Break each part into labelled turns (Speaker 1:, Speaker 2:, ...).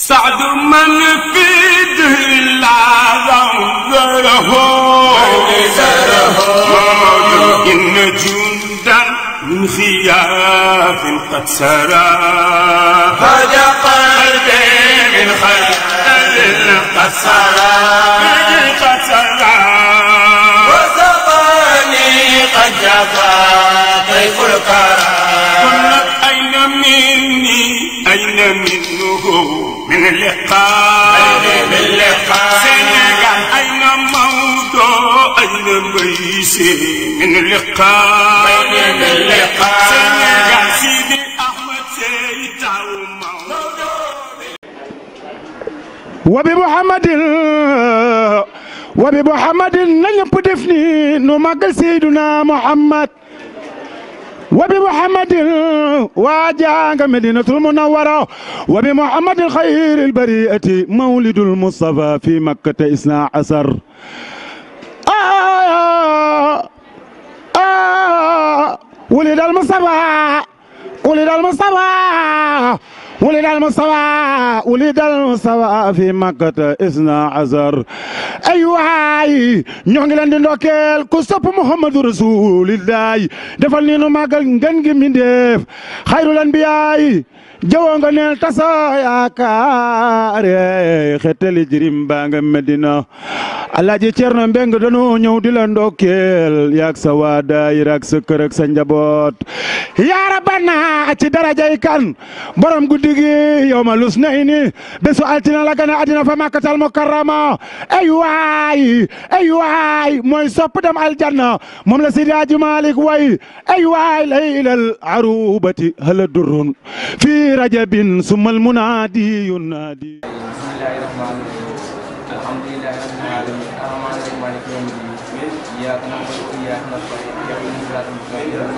Speaker 1: سعد من في دهلا زره زره إن جندا من خياف قد سرى هدى قلبي
Speaker 2: من خيال
Speaker 1: قد سرى قد سرى
Speaker 2: وسطاني قد جفا طيف
Speaker 1: الكرى قلت أين مني أين منه من اللقاء من اللقاء سنغال أين موضع أين بيسي من اللقاء من اللقاء سنغال سيدي أحمد سيتاو وبمحمد وبمحمد نلم بدفني نمكل سيدنا محمد وبمحمد واجاك مدينة المنورة وبمحمد الخير البريئة مولد المصطفى في مكة إثنا عشر آه، آه، آه، ولد المصطفى ولد المصطفى ولد المستوى ولد المستوى في مكة إثنا عزر أيوة ñoo ngi leen di ndokkeel ku sopp Muhammadu Rasulillahi defal ni nu màggal ngeen gi mbindeef xayrul anbiyaay jawoo nga neel tasa yaakaare xettali jirim baa nga Medina Alaaji Cerno Mbeng dañu ñëw di la ndokkeel yaag sa waa daayira ak rabana ci darajay kan borom guddi guddi yow ma lus na ini bésu altine la gën a àddina fa màkkatal mukarrama ay waay ay waay mooy sopp dem aljanna moom la Seydi Hadji Malick way ay waay laylal arubati hala durrun fi rajabin summal munaadi yunaadi
Speaker 2: bismillahi rahmani rahim alhamdulillahi rabbil alamin arrahmani rahim maliki yawmiddin iyyaka na'budu wa iyyaka nasta'in ihdinas siratal mustaqim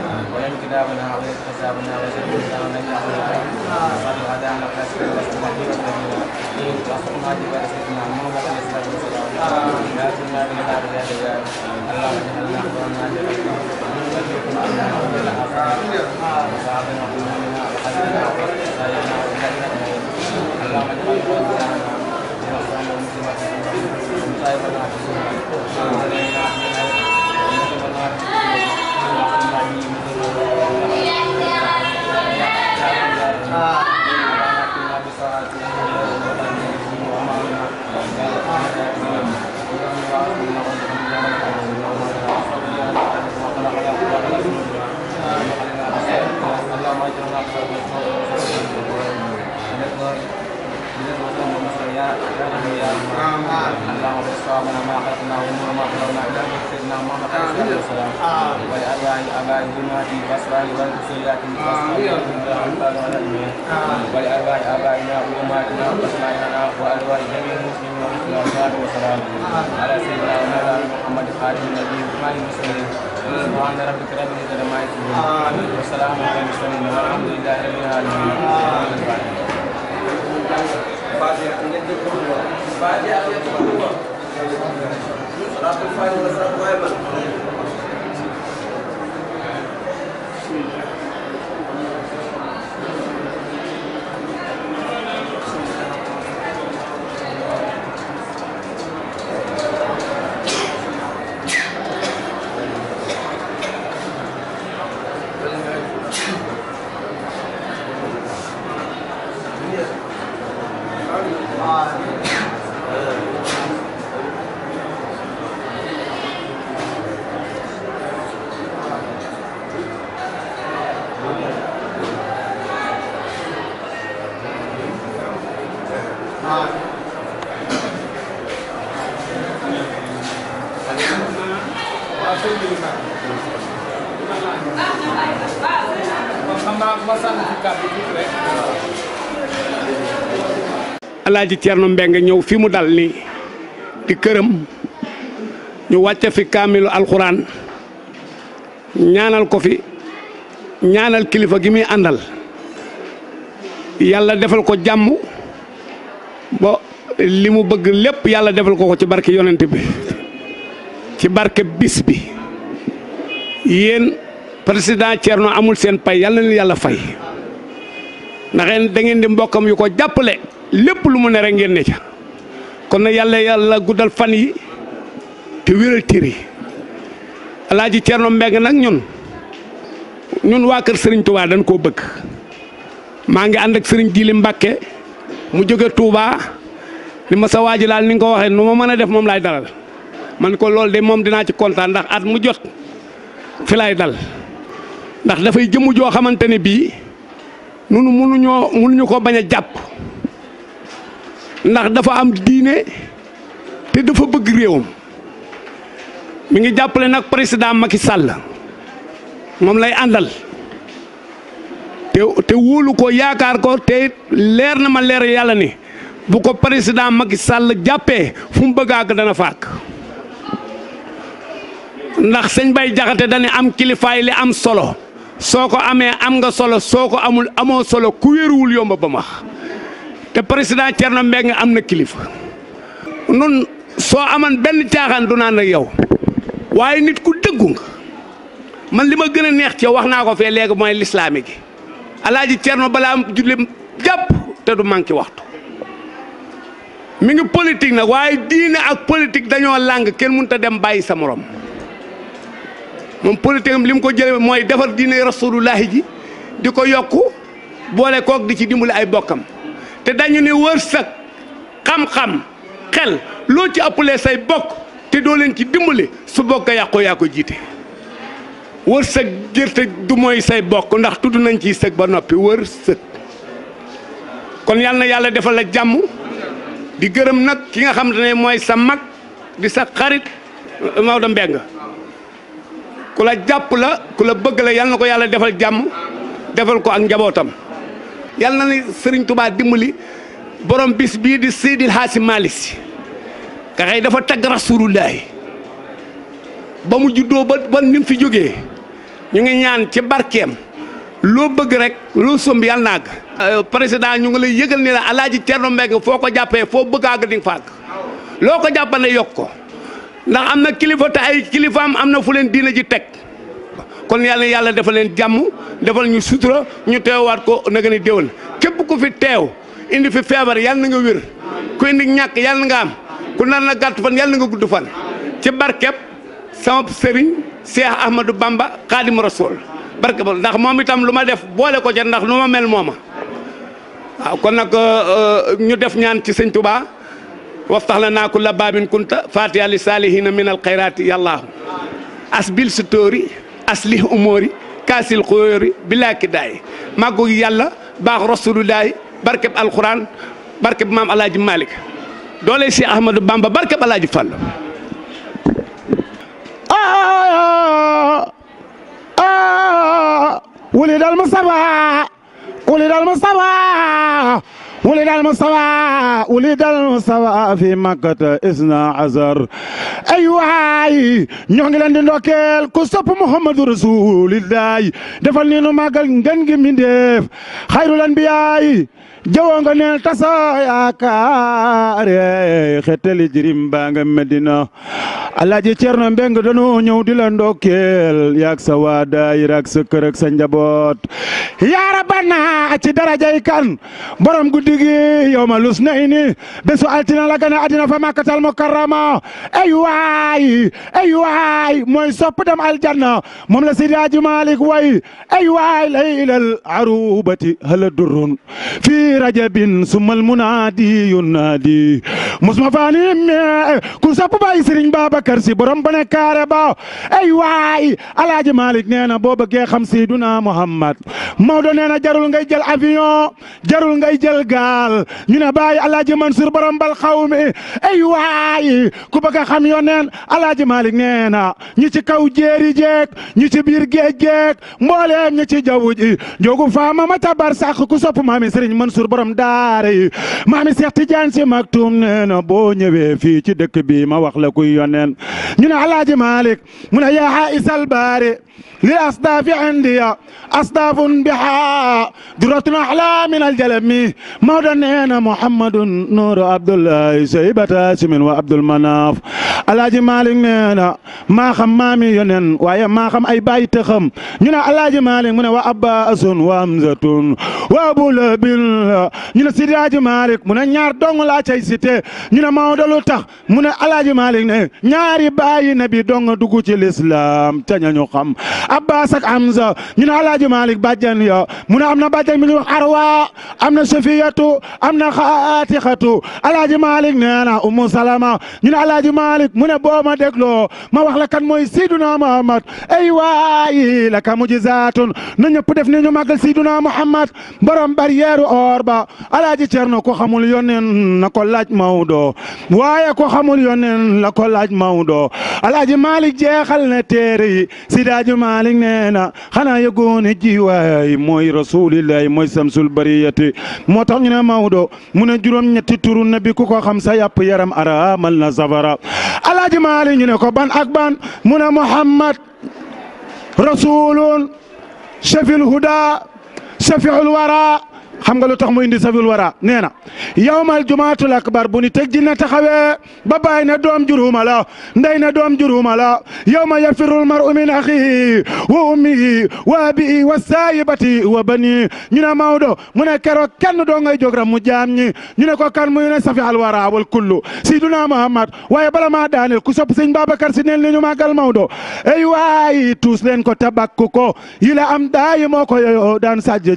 Speaker 2: كتابنا عليه حسابنا وزلنا من أعمالنا وقد هدانا فاسكن لست الذين وصلنا جبال سيدنا محمد عليه الصلاة والسلام لا كنا من هذا الرجال اللهم اجعلنا قرنا جبالنا وذكركم عنا ومن الآثار وصعبنا كنا منا Ah,
Speaker 3: Lagi tierno mbeng ñew fi mu dal ni di kërëm ñu wacce fi kaamilu alquran ñaanal ko fi ñaanal kilifa gi mi andal yalla defal ko jamm bo limu bëgg lepp yalla defal ko ko ci barke yonent bi ci barke bis bi yeen president tierno amul senpai pay yalla na yalla fay ngeen da ngeen di mbokam yu ko jappale lepp lu mu ne rek ngeen ne ca kon na yalla yalla guddal fan yi te tiri alaaji Cerno Mbeng nak ñun ñun wa keur serigne Touba dañ ko bëgg ma nga and ak serigne Jili mbacke mu joge Touba ni ma sa waji laal ni nga waxe nu ma meuna def mom lay dalal man ko lol de mom dina ci contant ndax at mu jot fi lay dal ndax dafay jëmm joo xamante ne nunu munu ñu ko baña japp ndax dafa am diine te dafa bëgg réewam mu ngi jàppale nag président Macky Sall moom lay àndal te te wóolu ko yaakaar ko te leer na ma leer yàlla ni bu ko président Macky sàll jàppee fu mu bëgg àgg dana faak ndax sëñ Bay Jaxate dane am kilifaay li am solo soo ko amee am nga solo soo ko amul amoo solo ku wéeruwul yomba ba max te président na Thierno Mbengue am na kilifa nun soo aman benn caaxaan du naan ak yow waaye nit ku dëggu nga man li ma gën a neex ci wax naa ko fee léegi mooy lislaami gi alaaji Thierno balaa julli jàpp te du manqué waxtu mu ngi politik na waaye diine ak politique dañoo làng kenn mënta dem bàyyi sa morom moom politique am li mu ko jëlee mooy defar diine rasulullahi ji di ko yokk boole kook di ci dimbali ay bokkam te dañu ne kam xam-xam xel loo ci bok, say bokk te doo leen ci dimbale su bokk a yàqoo yaa ko jiite wërsëg gerte du mooy say bokk ndax tudd nañ ci sëg ba noppi wërsëg kon yal na yàlla defal la jàmm di gërëm nag ki nga xam ne mooy sa mag di sa xarit la bëgg la ko yàlla defal ko ak yalla na ni sëriñ tubaa dimbali borom bis bi di sidil hasim malisi si nga dafa tag rasulullah ba mu juddoo ba ba ni fi joge ñu ngi ñaan ci barkem lo bëgg rek lo somb yalla naag euh, president ñu ngi lay yëgal ni la alaaji terno Mbengue foo ko jàppee foo bëgg àgg di nga loko jappane yokko ko ndax amna kilifa te ay kilifaam am amna fulen diina ji tek kon yalla yalla defal len jamm defal ñu sutura ñu teewaat ko na gën a déwén ku fi teew indi fi febar yalla nga wër ku indi ñak yalla nga am ku nan la gatt fan yalla nga gudd fan ci barkep sama serigne Cheikh Ahmadou Bamba Khadim Rasoul barke ba ndax mom itam luma def boole ko ci ndax lu mel moma kon nak euh, euh, ñu def ñaan ci serigne Touba waftax la kunta fatiha lisalihin min al xayraati asbil sutori aslih umóori kaasil xóori bilaa kidaay màggu yàlla baax rasulullaay barkeb alquran barkeb maam alaaji malik doole si ahmadou bamba barkeb alaaji fàll
Speaker 1: ah, ah, ah, wuli dal ولد المصطفى ولد المصطفى في مكة إثنا عشر aywaay ñoo ngi leen di ndokkeel ku sopp Muhammadu Rasulillahi defal ni nu màggal ngën gi mbindéef xayrul anbiyaay jawoo nga neel tasoo yaakaare xetel jirim baa nga medina alaaji Cerno do no ñew di la ndokkeel yak sa waa daayira ak sa kër ak sa njabot ya rabana ci darajay kan borom guddigi yowma lusnaini besu altina la gana adina fa makkatal mukarrama ay way ay way moy sopp dem aljanna mom la Seydi Malik way ay way laylal arubati hal durun fi في رجب ثم المنادي ينادي مسما فاني ku sapp baay Serigne Babacar Sy borom ba ne kaare baaw ay waay Alaaji Malick nee na boo xam Seydina Muhammad Maodo nee na jarul ngay jël avion jarul ngay jël gaal ñu ne baay Alaaji Mansour borom bal xawmi ay waay ku bëgg a xam yoneen Alaaji Malick nee ñi ci kaw jéeri jeeg ñi ci biir géej geeg mbooleem ñi ci jaww ji njogu faama ma tabar sax ku sopp maami Serigne Mansour Mansour borom daara yi maami Cheikh Tidiane si Maktoum nee na boo ñëwee fii ci dëkk bi ma wax la kuy yoneen ñu ne Alaaji Malik mu ne yaa Isal Baare للأصداف عندي أصداف بها درة أحلى من الجلم مودا محمد نور عبد الله سيبة سمن وعبد المناف alaaji Malick nee na maa xam maami yonen waaye maa xam ay bàyyi te ñu ne alaaji Malick mu ne wa abbaasun wa hamzatun wa abu labin ñu ne sidi alaaji mu ne ñaar dong laa cay cité ñu ne Maodo tax mu ne alaaji Malick ne ñaari bàyyi nabi dong dugg ci lislaam ca xam Abbas ak Hamza ñu ne Alaaji Malik bàjjan yo mu ne am na bàjjan mi ñu wax am na Safiyatu am na Atixatu Alaaji Malik nee Umu Salama ñu ne Alaaji Malik mu ne boo ma dégloo ma wax la kan mooy Seyduna Muhammad ay waayi la ka mujizaatun na ñëpp def ne ñu màggal Seyduna Muhammad borom barrière or ba Alaaji Cerno ko xamul yónneen na ko laaj Mawdo waaye ko xamul yónneen la ko laaj Mawdo Alaaji Malik jeexal na téere yi Xaaji Maalik nee na xanaa yëgoon ji waay mooy rasulillahi mooy samsul bariyati moo tax ñu ne Maodo mu ne juróom-ñetti turu nabi ku ko xam sa yàpp yaram araamal na safara Alaaji Maalik ñu ne ko ban ak ban mu ne Muhammad rasulun shafil huda shafiul wara xam nga lu tax mu indi safil wara nee na yawmal jumaatul akbar bu ni tëj dina taxawee ba baay na doom juruma la ndey na doom juruma la yawma yafirul mar'u min axihi wa ummihi wa abihi wa saayibati wa bani ñu ne Maodo mu ne keroo kenn doo ngay jóg rek mu jaam ñi ñu ne ko kan muy ne safihal wara wal kullu siduna Muhammad waaye bala maa daaneel ku sopp sëñ Babacar si neen li ñu màggal Maodo ay waay tuus leen ko tabakku ko yi la am daayi moo ko daan sàjj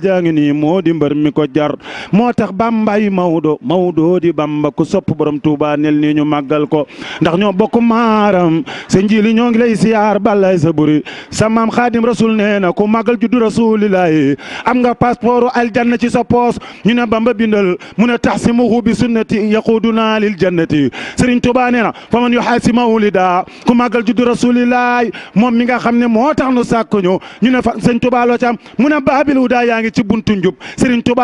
Speaker 1: ko jar moo tax bàmbaay Mawdo Mawdo di Bamba ku sopp borom Touba nel nii ñu màggal ko ndax ñoo bokk maaram sa njili ñoo ngi lay siyaar balay sa buri sa maam Xaadim Rasul nee na ku màggal juddu rasulillahi am nga passeport aljanna ci sa poos ñu ne Bamba bindal mu ne taxsimuhu bi sunnati yaquduna lil jannati Sëriñ Touba nee na fa man yuxaasimahu lida ku màggal juddu rasulillahi moom mi nga xam ne moo tax nu sàkk ñu ñu ne fa Sëriñ Touba loo ci am mu ne baabil huda yaa ngi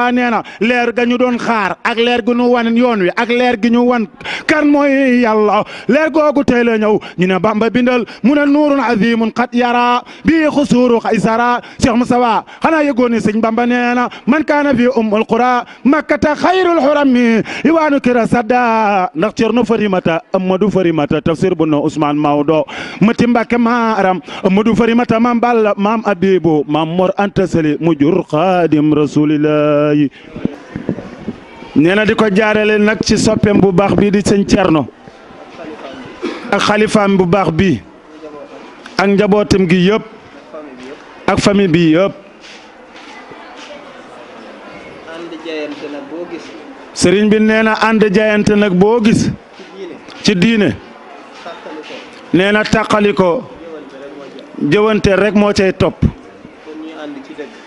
Speaker 1: Touba nee na leer ga ñu doon xaar ak leer gi ñu wan yoon wi ak leer gi ñu wan kan mooy yàlla leer googu tey la ñëw ñu ba Bamba bindal mu ne nuurun azimun xat yara bii xusuuru xaysara Cheikh Moussa Wa xanaa yëgoon ni sëñ Bamba nee na man kaana fi ummul qura makkata xayrul xurami iwaanu kira sadda ndax Cerno Farimata Amadou Farimata tafsir bu no Ousmane Maodo mati Mbàkke maaram Amadou Farimata maam Balla maam Abibu maam Mor Anta Sali mu jur xaadim rasulillah yi neena diko di jaarale nak ci soppeem bu baax bi di sëñ tierno ak xalifaam bu baax bi ak njabotam gi yeb ak famille bi gis sëriñ bi neena and jayante nak bo gis ci diine neena takaliko tàqali rek mo cey top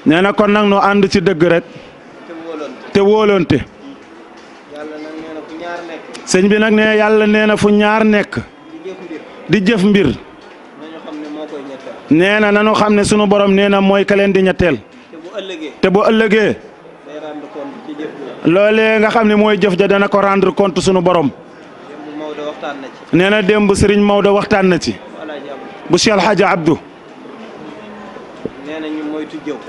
Speaker 1: neena kon nak no and ci deug rek
Speaker 4: te wóolonte
Speaker 1: sëñ bi nag ne yàlla nee na fu ñaar nekk di jëf mbir nee na nanu xam ne sunu borom nee na mooy ka di ñetteel te bu ëllëgee loolee nga xam ne mooy jëf ja dana ko rendre compte sunu borom nee na démb sëriñ Maodo waxtaan na ci bu Cheikh Alhaji Abdou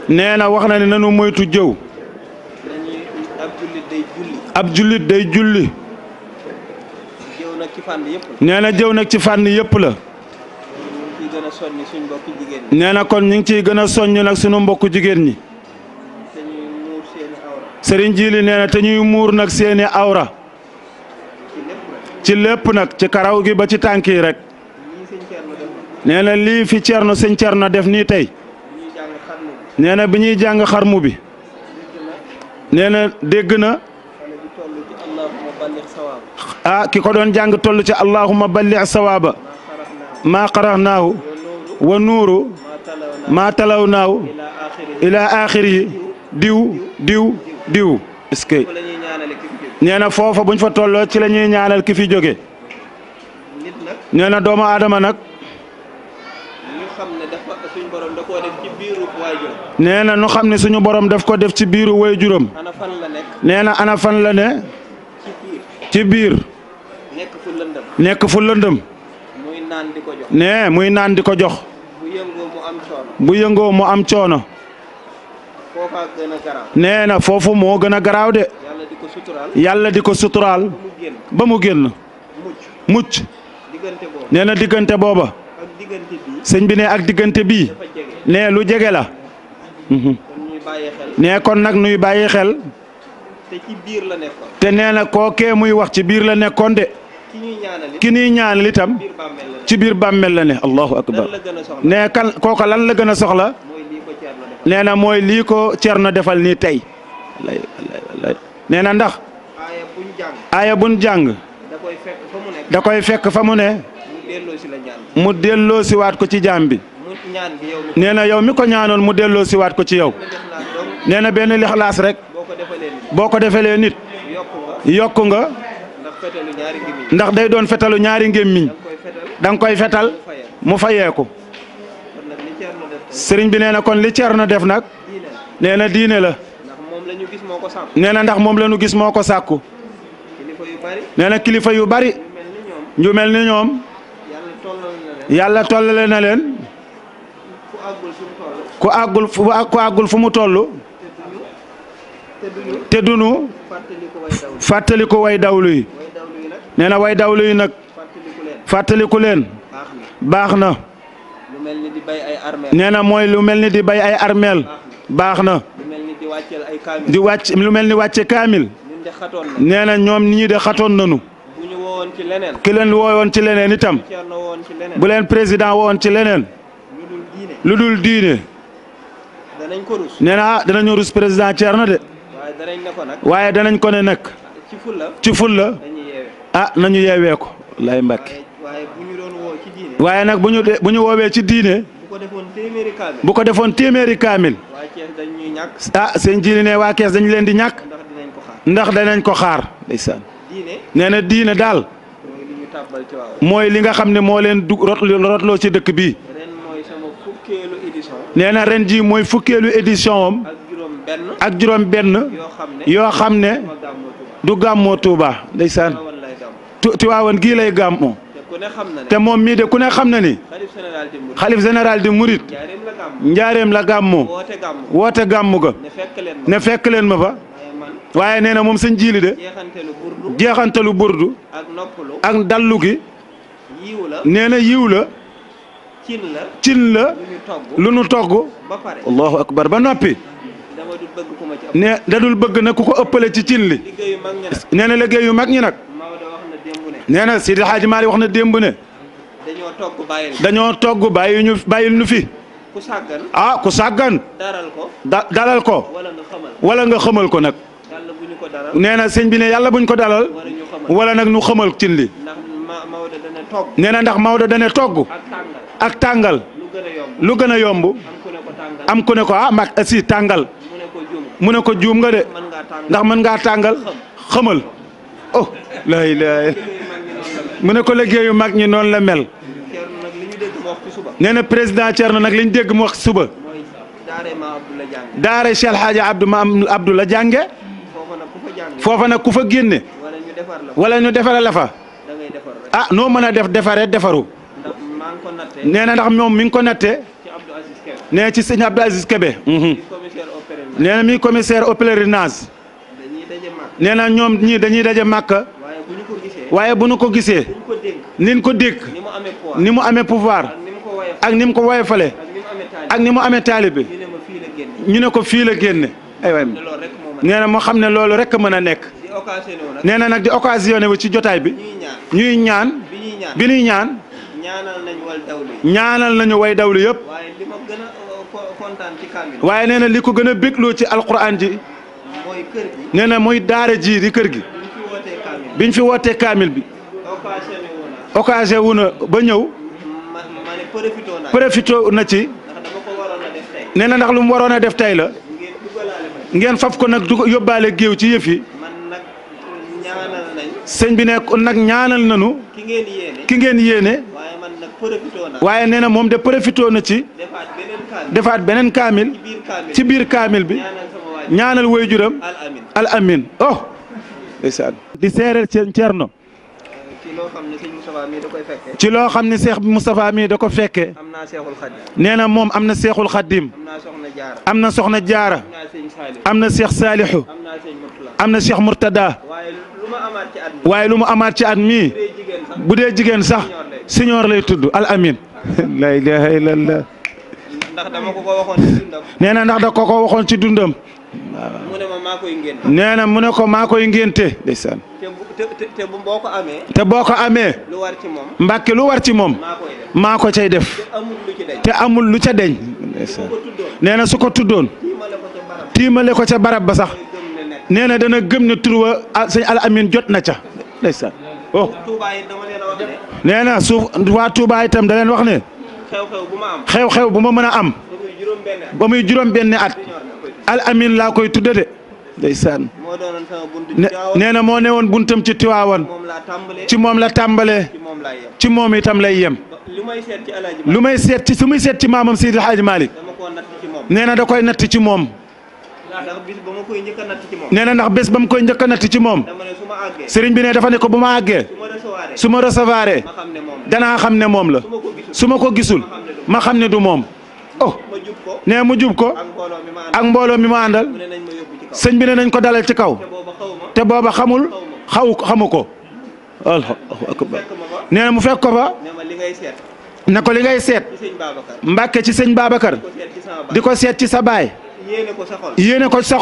Speaker 1: nee na wax na moytu jëw ab jullit day julli nee na jëw nag ci fànn yëpp la nee na kon ñu ngi ciy gën a soññ nag sunu mbokku jigéen ñi sëriñ Jili nee na te ñuy muur nag seeni awra ci lépp nag ci karaw gi ba ci tànk yi rek nee na lii fi Cerno sëñ na def nii tey nee na bi ñuy jàng xarmu bi nee na dégg na ah kiko don jang tollu ci allahumma balli sawaba ma qarahnaahu wa nuru ma talawnahu ila akhirih, diw diw diw eske neena fofu na buñ fa tollo ci lañuy ñaanal ki fi joge. nee na doomu aadama nag
Speaker 4: na nu xam
Speaker 1: suñu borom daf ko def ci biiru way juróom na ana fan la ne ci biir
Speaker 4: nekk fu lëndëm. muy naan di ko jox.
Speaker 1: nee muy naan di ko jox.
Speaker 4: bu yëngoo mu am coono.
Speaker 1: bu yëngoo mu am coono.
Speaker 4: foofa gën a garaaw. nee na foofu moo gën a garaaw de. yàlla di ko suturaal. yàlla di ko suturaal. ba
Speaker 1: mu génn. mucc. diggante booba nee na diggante booba. ak diggante bii. sëñ bi ne ak diggante bii. nee lu jege la. Mhm. nee kon nag nuy bàyyi xel.
Speaker 4: te ci biir la nekkoon.
Speaker 1: te nee na kookee muy wax ci biir la nekkoon de. ki nii ñaanal itam ci biir bàmmeel la ne allahu akbar ne kan kooka lan la gën a soxla nee na mooy lii ko na defal nii tey nee na ndax aaya buñ jàng
Speaker 4: da koy fekk fa mu ne
Speaker 1: mu delloo si ko ci jaam bi nee na yow mi ko ñaanoon mu delloo siwaat ko ci yow nee na benn lixlaas rek boo ko defalee nit yokku nga ndax day doon fetalu ñaari ngémmiñ da koy fetal mu fayeeku sëriñ bi nee na kon li Ceerno def nag nee diine la nee ndax moom la gis moo ko sàkku nee kilifa yu bari ñu mel ni ñoom yàlla tollale na leen ku àggul fu ku àggul fu mu toll te dunu dawlu yi nee na way dawlu yi nag fàttaliku leen baax na
Speaker 4: nee na mooy lu mel ni di bay ay armeel baax na di wàcc lu mel ni wàcce kaamil nee
Speaker 1: na ñoom ñii de xatoon nañu ki leen woowoon ci leneen itam bu leen président woon ci leneen lu dul diine
Speaker 4: nee na ah danañu
Speaker 1: rus président Thierno de waaye danañ ko ne nag ci fulla ah nañu yeewee ko lay mbàkke
Speaker 4: waaye nag bu ñu bu ñu woowee ci diine bu ko defoon téeméeri kaamil ah seen jiili
Speaker 1: ne waa kees dañu leen di ñàkk ndax danañ ko xaar ndeysaan nee na diine daal mooy li nga ne leen du rot rotloo ci dëkk bi
Speaker 4: nee na ren ji mooy fukkeelu édition am ak juróom benn yoo xam ne
Speaker 1: du gàmmoo Tuuba ndeysaan Tiwaawan gii lay gàmmu te moom mii de ku ne xam na ni xalif général di murit njaareem la gàmmu woote gàmmu ga ne fekk leen ma fa waaye nee na moom sëñ jiili de
Speaker 4: jeexantalu burdu ak dallu gi nee na yiw la cin la lu nu togg allahu akbar ba noppi ne
Speaker 1: dadul bëgg na ku ko ëppale ci cin li nee na liggéey yu mag ñi nag neena na Seydi Hadji Malick wax na démb ne.
Speaker 4: dañoo togg
Speaker 2: bàyyi.
Speaker 1: dañoo togg bàyyi ñu bàyyil ñu fi. ah ku sàggan. dalal ko. wala nga xamal ko nag. neena bu sëñ bi ne yàlla buñ ko dalal. wala nag ñu xamal cin li.
Speaker 4: ndax Maodo dana togg. togg. ak tàngal.
Speaker 1: lu gën a yomb. am ku ne ko ah mag si tàngal. mu ne ko juum nga de. ndax mën ngaa tàngal. xamal oh. lay lay mu ne ko yu mag ñi noonu la mel. nee na président Thierno nag li ñu dégg mu wax suba. daare Cheikh Hadji Abdou la jànge
Speaker 4: foofa nag ku fa génne. wala ñu defara la fa.
Speaker 1: ah noo mën a def defaree defaru.
Speaker 4: nee na ndax moom mi ngi ko nattee. ci sëñ Abdou Aziz Kébé. Mhm. nee na mi
Speaker 1: commissaire au pèlerinage. nee ñoom ñii dañuy daje Màkka. waaye bu nu ko gisee nin ko dégg ni mu amee pouvoir ak ni mu ko woyofale ak ni mu amee taalibe ñu ne ko fii la génne ay waay moo xam ne loolu rek mën a nekk nee na nag di occasionné wu ci jotaay bi ñuy ñaan bi ñuy ñaan
Speaker 4: ñaanal nañu way dawlu yëpp
Speaker 1: waaye nee na li ko gën a bégloo ci alquran ji nee na mooy daara ji di kër gi biñ fi wootee kaamil bi. occasion wu na ba ñëw. profité na ci. nee na ndax lu mu waroon a def tey la. ngeen faf ko nag du ko yóbbaale géew ci yëf yi. sëñ bi ne kon nag ñaanal nañu. ki ngeen yéene. waaye nee na moom de profité na ci. defaat beneen kaamil. ci biir kaamil bi. ñaanal waajuram al amin oh. ndeysaan di seereel seen Cerno
Speaker 4: ci loo xam ne sëñ Moustapha mii da koy fekkee. ci loo xam ne seex
Speaker 1: Moustapha mii da ko fekkee. am naa seexul xaddim. nee na moom am na seexul xaddim. am naa soxna jaara. am na soxna jaara. am na seex Saalixu. am na seex Murtada. am na seex Murtada. waaye
Speaker 4: lu mu amaat ci at mi. waaye lu mu amaat ci at mii. bu dee jigéen sax. siñoor lay tudd al amin.
Speaker 1: la ilaha illallah.
Speaker 4: ndax dama ko ko waxoon ci dundam.
Speaker 1: nee na ndax da ko ko waxoon ci dundam.
Speaker 4: mu ne ma
Speaker 1: maa mu ne ko maa koy te boo ko amee. te lu war ci moom. mbàkke maa ko cay def. te amul lu ca deñ. ndeysaan nee na su ko tuddoon. tiimale ko ca barab ba sax. nee na dana gëm ne tur wa sëñ Amin jot na ca. ndeysaan oh. na suuf waa Touba itam da leen wax ne. xew-xew bu ma mën a am. ba muy juróom benn at. al amin laa koy tudda de ndeysaan na moo ne woon buntam ci Tiwaawan ci moom la tàmbalee ci moom itam lay yem lu may seet su muy seet ci maamam Seydi Hadji Malick nee na da koy natt ci moom
Speaker 4: nee na ndax bés ba mu
Speaker 1: koy njëkk a natt ci moom sëriñ bi ne dafa ne ko bu ma àggee su ma recevoir danaa xam ne moom la su ma ko gisul ma xam ne du moom oh nee mu jub ko ak mbooloo mi ma àndal sëñ bi ne nañ ko dalal ci kaw te booba xamul xaw xamu ko allahu akbar nee na mu fekk ko fa
Speaker 4: ne ko li ngay seet mbàkke ci sëñ baabakar di ko seet ci sa baay yéene ko sa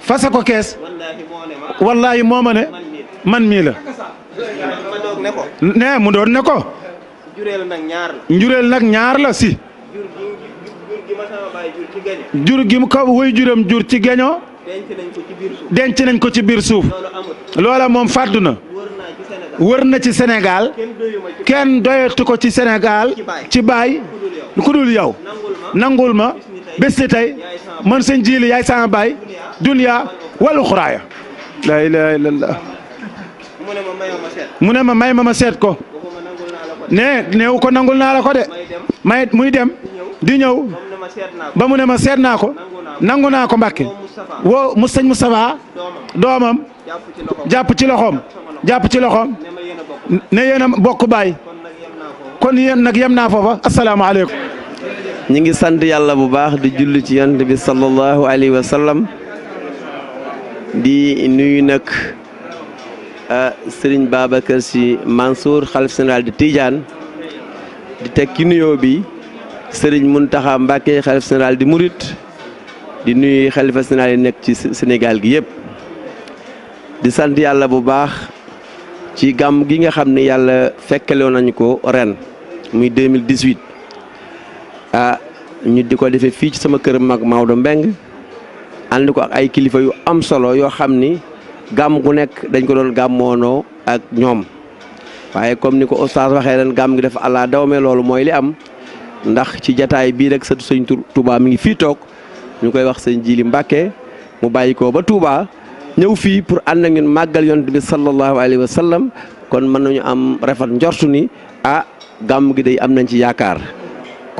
Speaker 1: fase ko kees wallaahi moo ma ne man mii la nee mu doon ne ko njureel nag ñaar la si jur gi mu ko woy juram jur ci geño
Speaker 4: denc nañ ko ci biir suuf loola moom fàdduna na
Speaker 1: wër na ci Sénégal kenn doyatu ko ci Sénégal ci baay ku dul yow nangul ma bés ni tey man seen jiili yaay sama baay duniyaa wal uxraaya laa ilaaha illallaah mu ne ma may ma ma seet ko ne néew ko nangul naa la ko de may muy dem di ñëw ba mu ne ma seet naa ko nangu naa ko Mbàkke woo mu sëñ Moustapha doomam jàpp ci loxoom jàpp ci loxoom ne yéen a bokk baay kon yéen nag yem naa foofa asalaamaaleykum.
Speaker 5: ñi ngi sant yàlla bu baax di julli ci yonent bi sallallahu alayhi wa sallam di nuyu nekk Euh, Serigne Babacar Sy Mansour xalif général de Tidiane di teg ki nuyoo bi Serigne Mountakha Mbacké xalif général di murit di nuyu xalifa général nekk ci Sénégal gi yëpp di sant yàlla bu baax ci gàmm gi nga xam ni yàlla fekkaloon nañu ko ren muy 2018 ah ñu di ko defee fii ci sama kër mag Maodo mbeng ànd ko ay kilifa yu am solo yoo xam ni. gàmm gu nekk dañ ko doon gàmmoonoo ak ñoom waaye comme ni ko oustaz waxee leen gàmm gi dafa àllaa dawme loolu mooy li am ndax ci jataay bii rek sëtu sëñ Touba mi ngi fii toog ñu koy wax sëñ Jili Mbàkke mu bàyyi ko ba tuubaa ñëw fii pour ànd ak ñun màggal yonent bi sallallahu alayhi wa sallam kon mën nañu am rafet njortu ni ah gàmm gi day am nañ ci yaakaar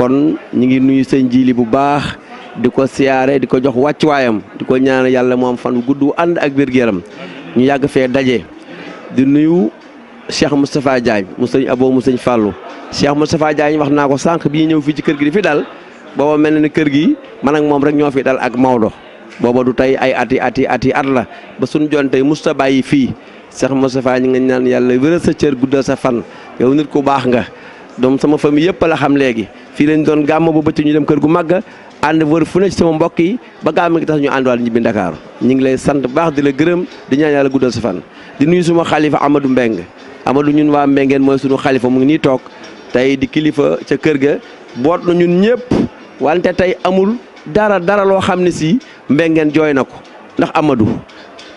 Speaker 5: kon ñu ngi nuyu sëñ Jili bu baax. diko siaré diko jox waccu wayam diko ñaan yalla mo am fan guddu and ak biir ñu yag fe dajé di nuyu Cheikh mustapha jaay mu señ Abo mu señ fallu Cheikh mustapha jaay wax naa ko sànq bi ñew fi ci kër gi di fi dal bobo melni kër gi man ak mom rek ño fi dal ak mawdo bobo du tay ay ati ati ati at la ba suñu joon mustapha yi fi Cheikh mustapha ñi nga ñaan yalla wëra sa cër guddal sa fan yow nit ku baax nga dom sama fami yëpp la xam léegi fi lañ doon bu ñu dem kër gu magga ànd wër fu ne ci sama mbokk yi ba gaa mi ngi tax ñu ànd ànduwaal ñibbi Ndakaaru ñu ngi lay sant baax di la gërëm di ñaan yàlla guddal a fan di nuy suma xalifa Amadou Mbeng Amadou ñun waa Mbengeen mooy sunu xalifa mu ngi nii toog tey di kilifa ca kër ga boot na ñun ñëpp wante tey amul dara dara loo xam ne si Mbengeen jooy na ko ndax Amadou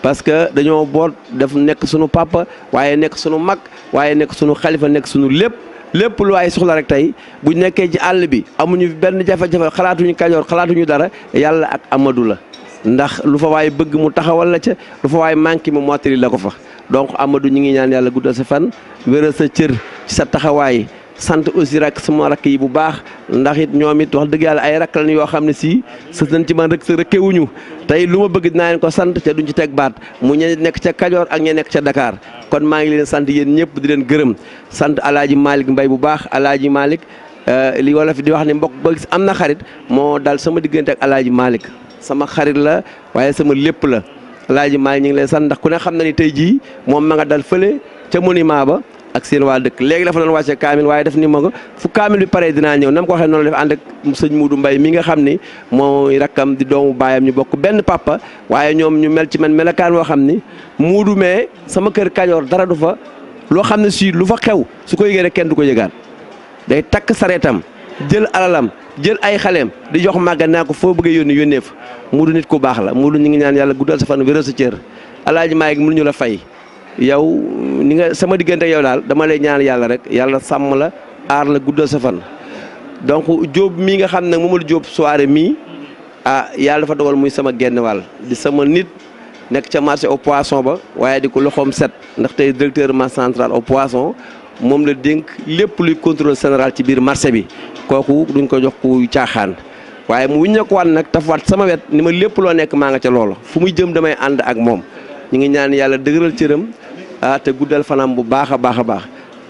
Speaker 5: parce que dañoo boot daf nekk sunu papa waaye nekk sunu mag waaye nekk suñu xalifa nekk suñu lépp lépp lu waay soxla rek tey bu nekkee ci àll bi amuñu benn jafe-jafe xalaatuñu kajoor xalaatuñu dara yàlla ak amadu la ndax lu fa waaye bëgg mu taxawal la ca lu fa waay manqué mu mottali la ko fa donc Amadou ñu ngi ñaan yàlla guddal sa fan wéral sa cër ci sa taxawaay. sant aussi rak sama rakk yi bu baax ndax it ñoom it wax dëgg yàlla ay rakk lañ yoo xam ne sii sës nañ ci man rek sa rëkkewuñu tey lu ma bëgg dinaa leen ko sant te duñu ci teg baat mu ñe nekk ca Kajoor ak ñe nekk ca dakaar kon maa ngi leen sant yéen ñëpp di leen gërëm sant alaaji Malick Mbay bu baax alaaji Malick euh, li wala fi di wax ne mbokk ba gis am na xarit moo dal sama diggante ak alaaji Malick sama xarit la waaye sama lépp la alaaji Malick ñu ngi leen sant ndax ku ne xam na ni tey jii moom ma nga dal fële ca monument ba ak seen waa dëkk léegi dafa doon wacce kamil waye daf ni mako fu kamil bi pare dina ñew nam ko waxe non la def and ak seigne Mbay mi nga xamni ni rakam di doomu bayam ñu bokk benn papa waye ñom ñu mel ci man melakan wo xamni ni me sama kër Kajoor dara du fa lo xamni si lu fa xew su ko yëgee kenn du ko yëgaat day tak saretam jël alalam jël ay xalem di jox maga na ko foo bëggee yónni yónnee fa nit ku bax la muudu ñi ngi ñaan yalla guddal sa fan cër alaaji mu ñu la fay yow ni nga sama digënté yow dal dama lay ñaan yalla rek yalla sam la ar la guddal sa fan donc job mi nga xamne ne moom la soirée mi ah yalla fa dogal muy sama genn wal di sama nit nek ci marché au poisson ba waye di ko loxoom set ndax tay directeur ma central au poisson mom la denk lepp luy contrôle général ci bir marché bi koku duñ ko jox ku tiaxan waye mu wuññeekuwaat nag tafaat sama wet ni ma lépp loo nekk maa nga ci lolo fu muy jëm damay and ak mom ñi ngi ñaan deugural ci reum ah te guddal fanam bu baax a baax a baax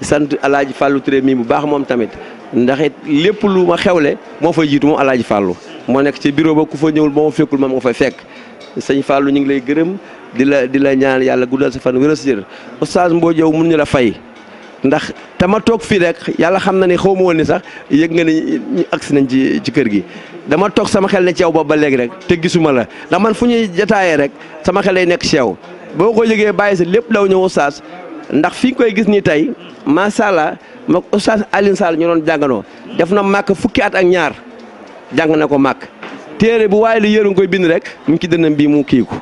Speaker 5: sant alaaji fàllu Touré mii bu baax moom tamit ndax it lépp lu ma xew le moo fay jiitu moom alaaji Fallou moo nekk ci bureau ba ku fa ñëwul moo ma fekkul moom fa fay fekk sëñ Fallou ñu ngi lay gërëm di la di la ñaan yàlla guddal sa fan wér si jër oustaz Mbodj yow mun ñu la fay ndax te ma toog fii rek yàlla xam na ne xaw ma woon ni sax yëg nga ni agsi nañ ci ci kër gi dama toog sama xel ne ci yow boobu ba léegi rek te gisuma la ndax man fu ñuy jataayee rek sama xel lay nekk ci boo ko jógee bàyyi sa lépp daw ñëw oustaz ndax fii ñu koy gis nii tey macha allah moog oustaz Alioune Sall ñu doon jànganoo def na màkk fukki at ak ñaar jàng na ko màkk téere bu waaye li yëru koy bind rek mu ngi ci dënam bii mu kii ko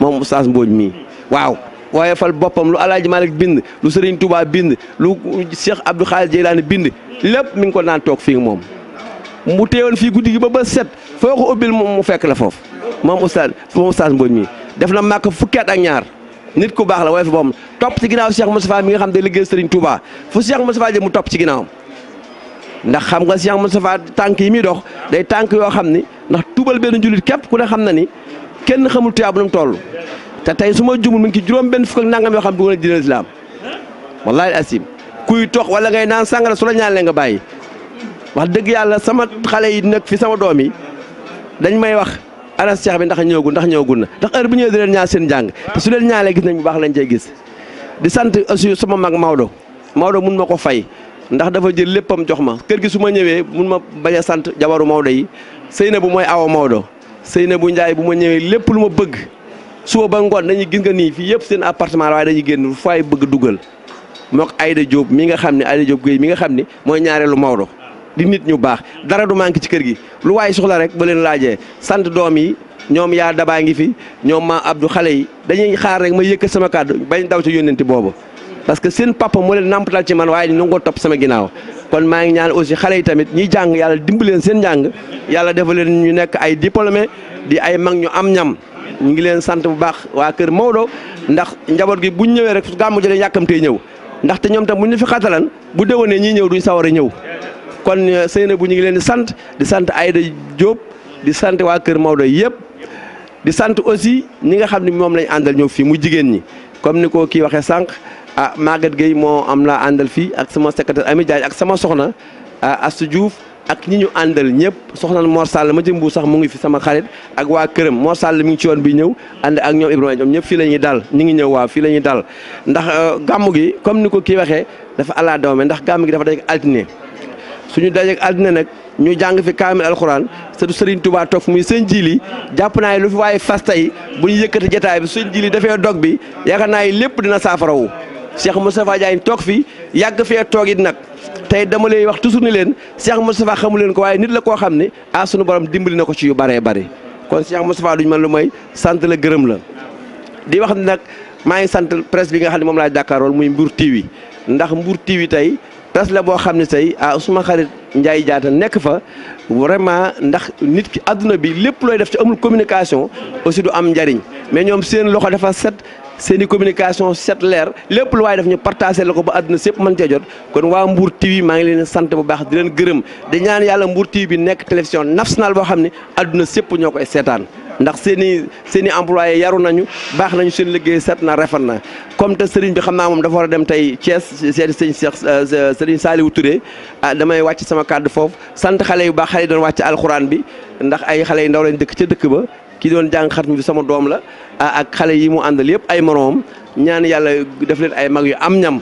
Speaker 5: moom oustaz Mbodj mii waaw. waaye fal boppam lu Alaaji Malik bind lu Serigne Touba bind lu Cheikh Abdou Khadir Jeylaani bind lépp mi ngi ko daan toog fii moom mu teewoon fii guddi gi ba ba set foo ko ubbil mu fekk la foofu moom oustaz moom oustaz Mbodj mii def na màkk fukki at ak ñaar. nit ku baax la woyof moom topp ci ginnaaw Cheikh Moustapha mi nga xam ne liggéey Serigne Touba fu Cheikh Moustapha jëm mu topp ci ginnaawam ndax xam nga Cheikh Moustapha tànk yi muy dox day tànk yoo xam ni ndax tuubal benn jullit képp ku ne xam na ni kenn xamul tuyaab nu mu toll te tey su ma jumul mi ngi ci juróom benn fukk nangam yoo xam ne bu nga dina islaam laay asim kuy tox wala ngay naan sàngara su la ñaan leen nga bàyyi wax dëgg yàlla sama xale yi nag fi sama doom yi dañ may wax anas ceex bi ndax ñëwagul ndax ñëwagul na ndax heure bi ñëwee di leen ñaar seen njàng te su leen ñaalee gis nañ bu baax lañ cey gis di sant aussi sama mag Maodo Maodo mun ma ko fay ndax dafa jël léppam jox ma kër gi su ma ñëwee mun ma bañ sant jabaru Maodo yi sëy na bu mooy aw Maodo sëy na bu Njaay bu ma ñëwee lépp lu ma bëgg suba ba ngoon dañuy gis nga nii fii yëpp seen appartement la dañuy génn fay bëgg dugal mook Ayda Diop mi nga xam ne Ayda Diop mi nga xam ni mooy ñaareelu Maodo di nit ñu bax dara du manki ci kër gi lu way soxla rek ba leen laajee sant doom yi ñoom ya dabaa ngi fi ñom ma abdou xalé yi dañuy xaar rek ma yëkkat sama kaddu bañ daw ci yonenti bobu parce que seen papa mo leen nampatal ci man ñu nangoo top sama ginaaw kon ma ngi ñaan aussi xalé yi tamit jang yalla dimbal leen seen jang yalla defal leen ñu nekk ay diplômé di ay mag ñu am ñam ñu ngi leen sante bu baax wa kër mawdo ndax njabot gi bu ñëwé rek gamu jëlé yakamte ñëw te ñom tam bu ñu fi xatalan bu déwénee ñi ñëw duñ sawara a ñëw kon euh, Seyna bu ñu ngi leen di sant di sant Aïda jóob di sant waa Kër Maodo yëpp di sant aussi ñi nga xam ni moom lañ àndal ñëw fii mu jigéen ñi comme ni ko kii waxee sànq ah Maguette Gueye moo am laa àndal fii ak sama secrétaire Ami Diagne ak sama soxna ah, Astou Diouf ak ñi ñu àndal ñëpp soxna Mor Sall ma jëm bu sax mu ngi fi sama xarit ak waa këram Mor Sall mi ngi ci yoon bi ñëw ànd ak ñoom Ibrahima ñoom ñëpp fii la ñuy dal ñu ngi ñëw waa fii la ñuy dal ndax euh, gàmm gi comme ni ko kii waxee dafa ala doome ndax gàmm gi dafa day altine suñu dajeeg àddina nag ñu jàng fi kaamil alxuraan sëtu Serigne Touba toog muy sëñ jili jàpp naa ne lu fi waaye fas tey bu ñu yëkkati jotaay bi sëñ jili dafee dog bi yaakaar naa lépp dina saafarawu Cheikh Moustapha Diagne toog fi yàgg fee toog it nag tey dama lay wax toujours ni leen Cheikh Moustapha xamu leen ko waaye nit la koo xam ne ah suñu borom dimbali na ko ci yu baree bari kon Cheikh Moustapha duñ mën lu may sant la gërëm la di wax nag maa ngi sant presse bi nga xam ne moom laa jàkkaarool muy Mbour TV ndax Mbour TV tey presse la boo xam ne tey ah suma xarit Ndiaye Diatta nekk fa vraiment ndax nit ki àdduna bi lépp looy def ci amul communication aussi du am njariñ mais ñoom seen loxo dafa set seen i communication set leer lépp lu waaye def ñu partagé la ko ba àdduna sépp mën cee jot kon waa Mbour TV maa ngi leen di sant bu baax di leen gërëm di ñaan yàlla Mbour TV bi nekk télévision nationale boo xam ne àdduna sépp ñoo koy seetaan ndax seen i seen i yaru nañu baax nañu seen liggéey seet na rafet na comme te sëriñ bi xam naa moom dafa war a dem tey Thiès seeti sëñ Cheikh euh, sëriñ Saliou Touré ah damay wàcc sama kàddu foofu sant xale yu baax xale yi doon wàcc alxuraan bi ndax ay xale yu ndaw lañ dëkk ca dëkk ba ki doon jàng xat mi bi sama doom la ah, ak xale yi mu àndal yëpp ay moroom ñaan yàlla def leen ay mag yu am ñam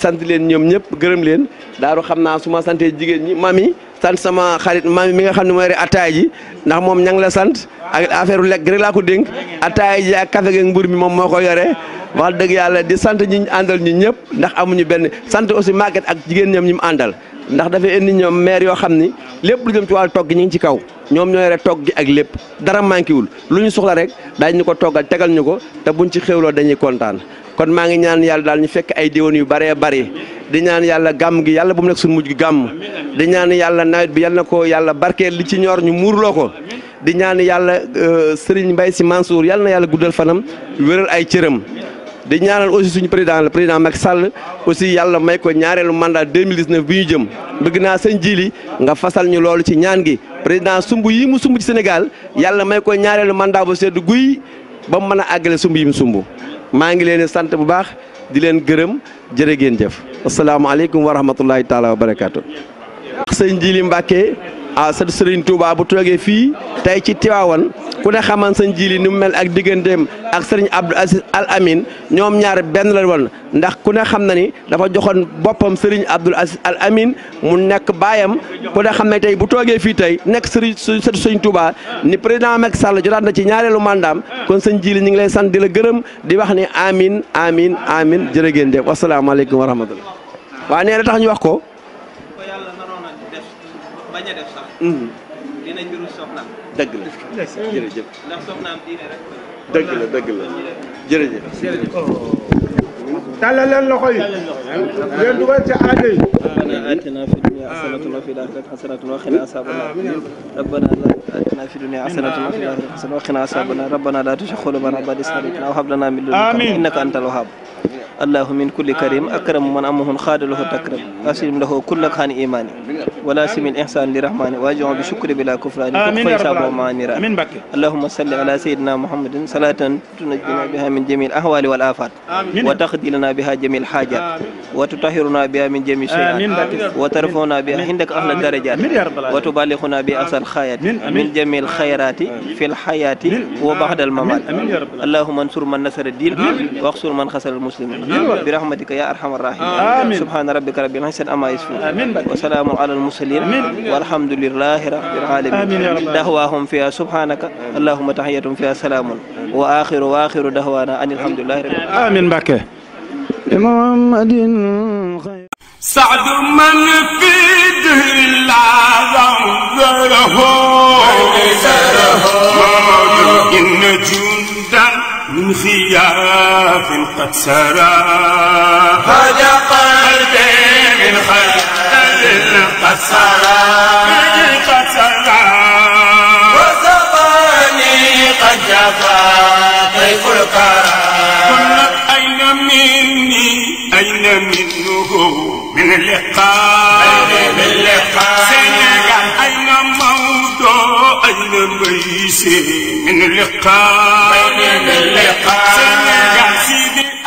Speaker 5: sant leen ñoom ñëpp gërëm leen daaru xam naa su ma santee jigéen ñi mami sant sama xarit mami mi nga xam ne mooy rek ataay ji ndax moom ña ngi la sant ak affaire lekk rek laa ko dénk ataay ji ak kafe gi mbur mi moom moo ko yore wax dëgg yàlla di sant ñi ñu àndal ñi ñëpp ndax amuñu benn sant aussi màgget ak jigéen ñoom ñi àndal ndax dafay indi ñoom maire yoo xam ni lépp lu jëm ci wàllu togg gi ñu ngi ci kaw ñoom ñoo yore togg gi ak lépp dara manqué wul lu ñu soxla rek daañu ñu ko toggal tegal ñu ko te buñ ci xéwloo dañuy kontaan kon ma ngi ñaan yalla dal ñu fekk ay déwén yu bare bare di ñaan yalla gam gi yalla bu mu nek suñu mujj gi gam di ñaan yalla nawet bi yalla ko yalla barkeel li ci ñor ñu murlo ko di ñaan yalla euh, Serigne mbay si Mansour yalla na yalla guddal fanam wëral ay cëram di ñaanal aussi suñu président le président Macky Sall aussi yalla may ko ñaarelu mandat 2019 bi ñu jëm bëgg na sëñ jili nga fasal ñu loolu ci ñaan gi président sumbu yi mu sumbu ci Sénégal yalla may ko ñaarelu mandat bu sédd guuy ba mëna aggalé sumbu yi mu sumbu maa ngi leen sant bu baax di leen gërëm jërë geen jëf asalaamaaleykum wa rahmatullahi taala wa barakaatu. sëñ Jili Mbàkke ah sët Serigne Touba bu toogee fii tey ci Tiwaawan ku ne xaman sañ jili ni mu mel ak digganteem ak sëriñ Abdou Aziz Al Amin ñoom ñaar benn la woon ndax ku ne xam na ni dafa joxoon boppam sëriñ Abdou Aziz Al Amin mu nekk baayam ku ne xam ne tey bu toogee fii tey nekk sëriñ sët Serigne Touba ni président Macky Sall jotaat na ci ñaareelu mandaam kon sañ jili ñu ngi lay sant di la gërëm di wax ni amin amin amin jërë ngeen jëf wasalaamaaleykum wa rahmatullah waaw nee na tax wax ko.
Speaker 4: dina juru soxnaam. dëgg la jërëjëf. ndax soxnaam diine rek. dëgg la dëgg la jërëjëf. jërëjëf.
Speaker 1: tàllal leen loxo yi.
Speaker 2: ngeen dugal ci aada
Speaker 4: yi. ربنا آتنا في الدنيا حسنة وفي الآخرة حسنة وقنا عذاب النار ربنا لا آتنا في الدنيا حسنة وفي الآخرة حسنة وقنا عذاب النار ربنا لا تشغل بنا بعد إذ هديتنا وهب لنا من لدنك إنك أنت الوهاب الله من كل كريم أكرم من أمه خادله تكرم أسلم له كل كان إيماني ولا سم الإحسان لرحمن واجعل بشكر بلا كفران كفر شاب معانرا اللهم صل على سيدنا محمد صلاة تنجينا بها من جميع الأهوال والآفات وتخدي لنا بها جميع الحاجات وتطهرنا بها من جميع الشيئات وترفعنا بها عندك أهل الدرجات وتبالغنا بها أصل الخيرات من جميع الخيرات في الحياة وبعد الممات اللهم انصر من نصر الدين واخسر من خسر المسلمين المسلمين برحمتك يا ارحم الراحمين آمين. سبحان ربك رب العزه عما يصفون وسلام على المرسلين والحمد لله رب العالمين دعواهم فيها سبحانك اللهم تحيتهم فيها سلام واخر واخر دعوانا ان الحمد لله رب العالمين
Speaker 1: امين بك امام الدين سعد من في دهر العالم زرهو زره النجوم من خياف قد سرى هذا
Speaker 2: قلبي من خيال قد سرى قد سرى وسطاني قد جفا طيف الكرى قلت أين مني
Speaker 1: أين منه من اللقاء نسي من اللقاء من اللقاء
Speaker 2: سيدي